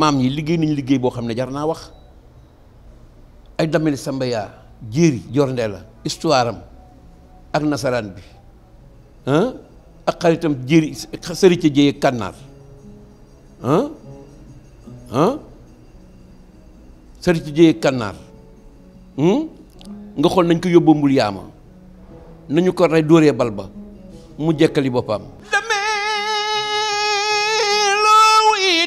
maam yi liggéey nañ liggéey boo xam ne jar naa wax ay damel Samba yaa jéeri jorndee la histoire ak nasaraan bi ak xaritam jéeri sërica jéeye kànnaar sërica jéeye kànnaar hmm? nga xool nañ ko yóbbu mbul yaama nañu ko rey dóoree bal ba mu jekkali boppam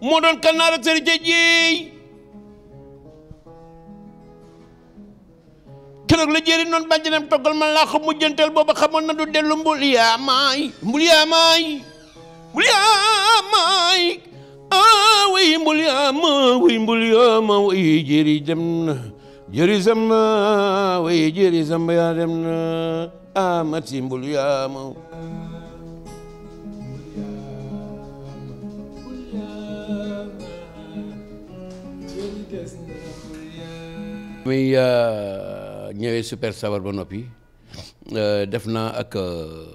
moo doon kannaar ak sëriñ ca jéey keroog la jéeri noonu bàjjanam toggal ma laa xam booba xamoon na du dellu mbul yaa maay mbul yaa maay mbul yaa ah, mbul yaa ma way mbul yaa ma way jéeri dem na jéeri sam na way jéeri sam mbul yaa ma muy euh, ñëwee super sabar ba noppi euh, def Defna ak euh,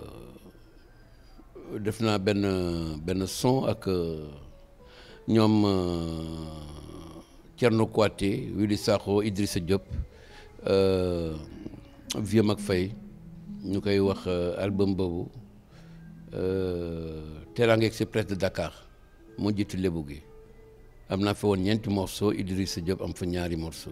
def Defna ben son ak Nyom Thierno Kouaté Willy Sakho Idrissa Diop Vieux Mac Faye ñu koy album Teranga Express de Dakar moo jiitu le gi am naa fa woon morceau Idrissa Diop am ñaari morceau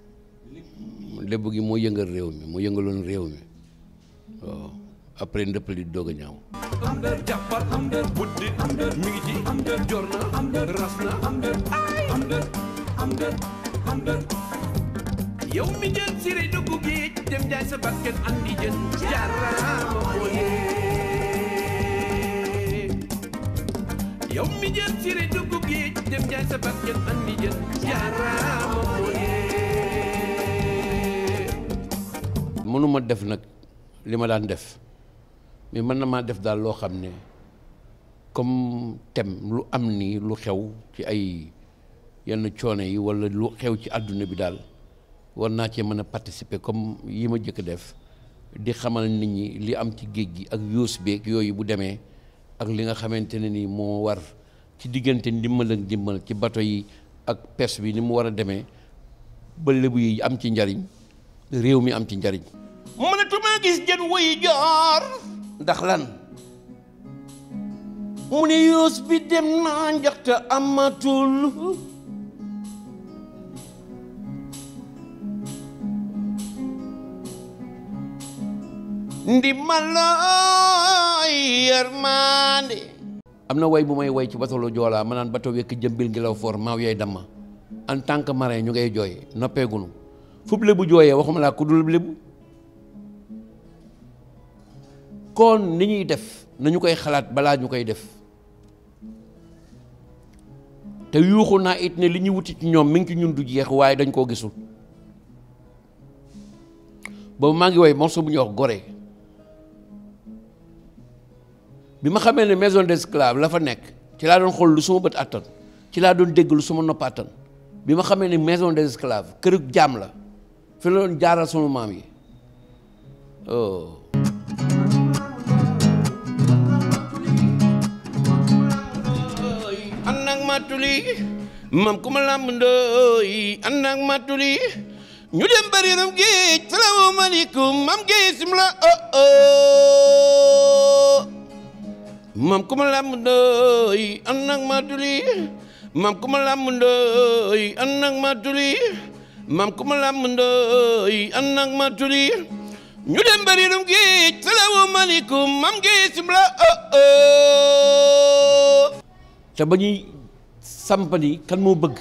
lébb gi moo yëngal réew mi moo yëngaloon réew mi waaw après ndëpp li doog a am ndër jàppal am ndër buddi am ndër mi am ndër jor am ndër ras am ndër ay am ndër am ndër am ndër yow mi jël siré dugg géej dem jaay sa bakkan andi jën jaaraama mooyee yow mi jël siré mënuma def nag li ma daan def mais mën na maa def daal loo xam ne comme tem lu am nii lu xew ci ay yenn coono yi walla lu xew ci àdduna bi daal war naa cee mën a participer comme yi ma jëkk def di xamal nit ñi li am ci géej gi ak yóos beeg yooyu bu demee ak li nga xamante ne ni moo war ci diggante ndimbal ak ndimbal ci bato yi ak pes bi ni mu war a demee ba lébu yi am ci njariñ réew mi am ci njariñ mënatumaa gis jën wuy jaar ndax lan mu ne yoos bi dem naa njaxte amatul ndi malay yërmande am na way bu may way ci batolo joolaa ma naan bato wekk jëmbil ngi law for maaw yooy damma en tant que marin ñu ngay jooy noppeegunu fub lébu jooyee waxuma laa ku dul lébu kon ni ñuy def nañu koy xalaat balaa ñu koy def te yuuxu naa it ne li ñuy wuti ci ñoom mi ngi ci ñun du jeex waaye dañ koo gisul boobu maa ngi woy morceau bu ñuy wax Gorée bi ma xamee ne maison d'esclave la fa nekk ci laa doon xool lu suma bët attan ci laa doon dégg lu suma nopp attan bi ma xamee ne maison d'esclave kërug jaam la fi jarak doon jaaral oh. ànd matuli mam ku ma làmb matuli ñu dem bari ram géej mam géej sim oh oh mam ku ma matuli mam ku ma làmb matuli maam ku ma làmb ndooy an nag ma tuli ñu dem bari dum géej salaamaaleykum maam géej sim la te oh, oh. ba ñuy sampali kan moo bëgg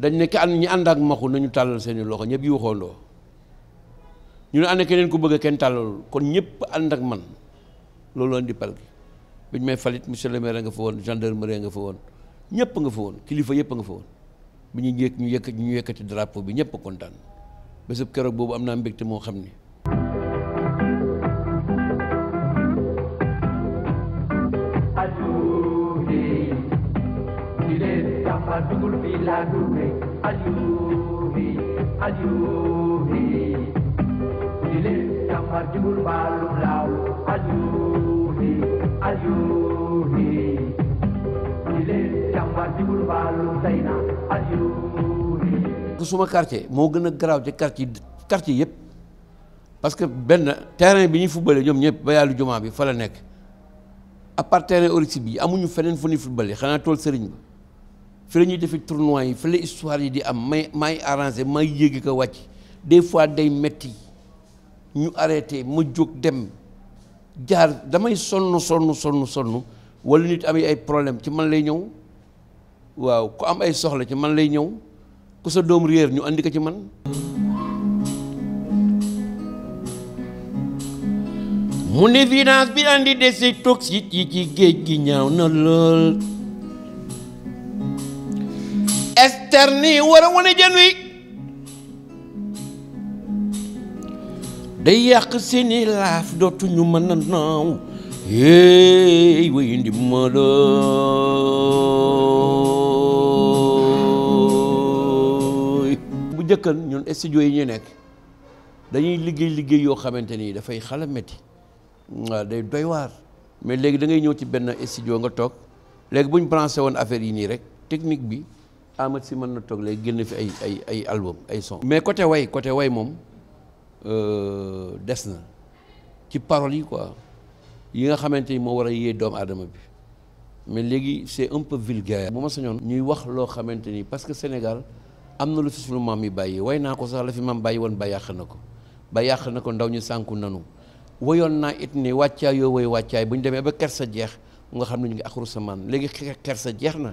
dañ ne ki ànd ñi ànd ak maxu nañu tàllal seeni loxo ñëpp yi waxoondoo ñu ne ànd keneen ku bëgg kenn tàllalul kon ñëpp ànd ak man loolu andi pal gi bi ñu may falit monsieur le maire nga fa woon gendarmerie nga fa woon ñëpp nga fa woon kilifa a nga fa woon bu ñu yëkk ñu yëkk ñu yëkkati drapeau bi ñëpp kontaan bésub keroog boobu am naa mbégte moo xam ni dugul ajuhi ajuhi ajuhi ajuhi suma quartier moo gën a garaaw ci quartier quartier yëpp parce que benn terrain bi ñuy footballé ñoom ñëpp ba yàllu jumaa bi fa la nekk à part terrain Oryx bi amuñu feneen fu ñuy footballé xanaa tool sëriñ ba fi la ñuy defi tournoi yi fi la histoire yi di am may may arrangé may yéegi ko wàcc des fois day metti ñu arrêté ma jóg dem jaar damay sonn sonn sonn sonn wala nit am ay problème ci man lay ñëw waaw ku am ay soxla ci man lay ñëw ku sa doom réer ñu andi ko ci man mu ne finance bi andi déchets toxiques yi ci géej gi ñaaw na lool externe yi war a wane jën wi day yàq seeni laaf dootuñu mën a naaw hey way indi ma njëkkan ñun studio yi ñu nekk dañuy liggéey liggéey yoo xamante ni dafay xala métti day doy waar mais léegi da ngay ñëw ci benn studio nga toog léegi buñ ñu branché woon affaire yi nii rek technique bi Amad si mën na toog léegi génn fi ay ay ay album ay son mais côté way côté way moom euh, des na ci parole yi quoi yi nga xamante ni moo war a yee doomu aadama bi mais léegi c'est un peu vulgaire bu ma sañoon ñuy wax loo xamante ni parce que Sénégal am na lu fi suñu maam yi bàyyi woy naa ko sax la fi maam bàyyi woon ba yàq na ko ba yàq na ko ndaw ñu sànku nanu wayoon naa it ni wàccaay yoo woy wàccaay bu ñu demee ba sa jeex mu nga xam ne ñu ngi akru samaan léegi sa jeex na